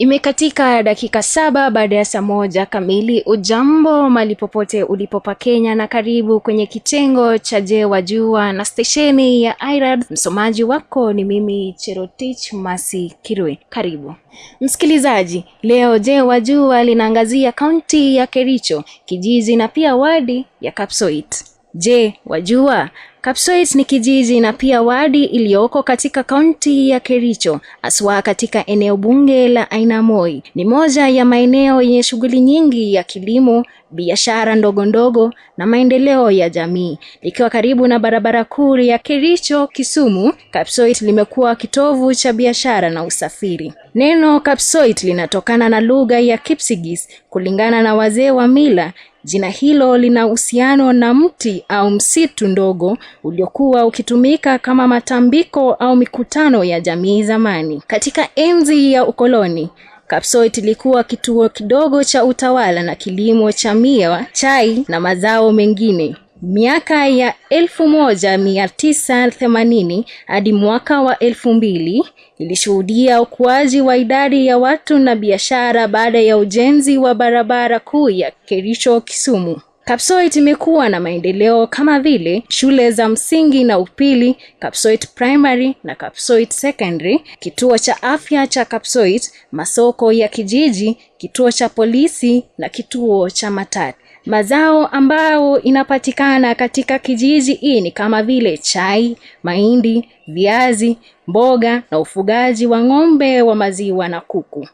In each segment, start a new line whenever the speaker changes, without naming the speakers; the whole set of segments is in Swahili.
Imekatika dakika saba baada ya saa moja kamili. Ujambo mali popote pa Kenya, na karibu kwenye kitengo cha Je Wajua na stesheni ya Irad. Msomaji wako ni mimi Cherotich Masi Kirwe. Karibu msikilizaji, leo Je Wajua linaangazia kaunti ya Kericho, kijiji na pia wadi ya Kapsoit. Je, wajua Kapsoit ni kijiji na pia wadi iliyoko katika kaunti ya Kericho, haswa katika eneo bunge la Ainamoi. Ni moja ya maeneo yenye shughuli nyingi ya kilimo, biashara ndogo ndogo na maendeleo ya jamii. Likiwa karibu na barabara kuu ya Kericho Kisumu, Kapsoit limekuwa kitovu cha biashara na usafiri. Neno Kapsoit linatokana na lugha ya Kipsigis. Kulingana na wazee wa mila, jina hilo lina uhusiano na mti au msitu ndogo uliokuwa ukitumika kama matambiko au mikutano ya jamii zamani. Katika enzi ya ukoloni, Kapsoit ilikuwa kituo kidogo cha utawala na kilimo cha miwa, chai na mazao mengine. Miaka ya elfu moja mia tisa themanini hadi mwaka wa elfu mbili ilishuhudia ukuaji wa idadi ya watu na biashara baada ya ujenzi wa barabara kuu ya Kericho Kisumu. Kapsoit imekuwa na maendeleo kama vile shule za msingi na upili, Kapsoit Primary na Kapsoit Secondary, kituo cha afya cha Kapsoit, masoko ya kijiji, kituo cha polisi na kituo cha matatu. Mazao ambayo inapatikana katika kijiji hii ni kama vile chai, mahindi, viazi, mboga na ufugaji wa ng'ombe wa maziwa na kuku.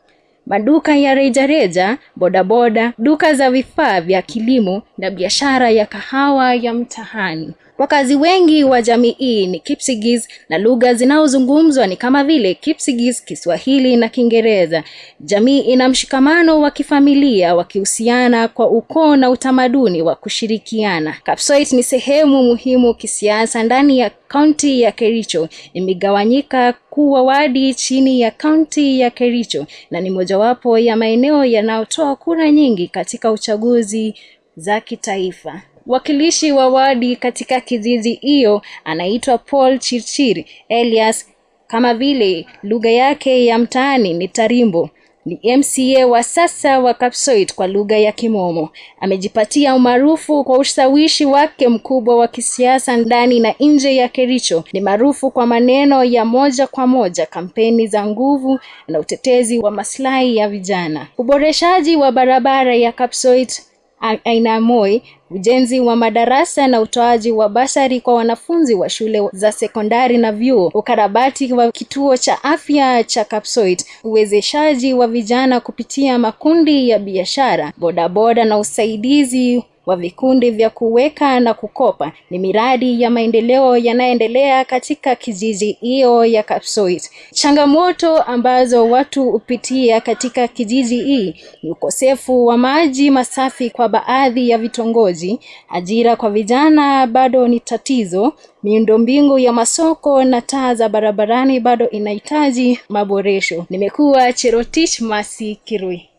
Maduka ya rejareja, bodaboda, duka za vifaa vya kilimo na biashara ya kahawa ya mtahani Wakazi wengi wa jamii hii e ni Kipsigis na lugha zinazozungumzwa ni kama vile Kipsigis, Kiswahili na Kiingereza. Jamii ina mshikamano wa kifamilia wakihusiana kwa ukoo na utamaduni wa kushirikiana. Kapsoit ni sehemu muhimu kisiasa ndani ya kaunti ya Kericho. Imegawanyika kuwa wadi chini ya kaunti ya Kericho na ni mojawapo ya maeneo yanayotoa kura nyingi katika uchaguzi za kitaifa. Wakilishi wa wadi katika kijiji hiyo anaitwa Paul Chirchir Elias, kama vile lugha yake ya mtaani ni Tarimbo. Ni MCA wa sasa wa Kapsoit kwa lugha ya Kimomo. Amejipatia umaarufu kwa ushawishi wake mkubwa wa kisiasa ndani na nje ya Kericho. Ni maarufu kwa maneno ya moja kwa moja, kampeni za nguvu na utetezi wa maslahi ya vijana. Uboreshaji wa barabara ya Kapsoit Aina Moi, ujenzi wa madarasa na utoaji wa basari kwa wanafunzi wa shule za sekondari na vyuo, ukarabati wa kituo cha afya cha Kapsait, uwezeshaji wa vijana kupitia makundi ya biashara, bodaboda na usaidizi wa vikundi vya kuweka na kukopa ni miradi ya maendeleo yanayoendelea katika kijiji hiyo ya Kapsoit. Changamoto ambazo watu hupitia katika kijiji hii ni ukosefu wa maji masafi kwa baadhi ya vitongoji, ajira kwa vijana bado ni tatizo, miundombinu ya masoko na taa za barabarani bado inahitaji maboresho. Nimekuwa Cherotich Masi Kirui.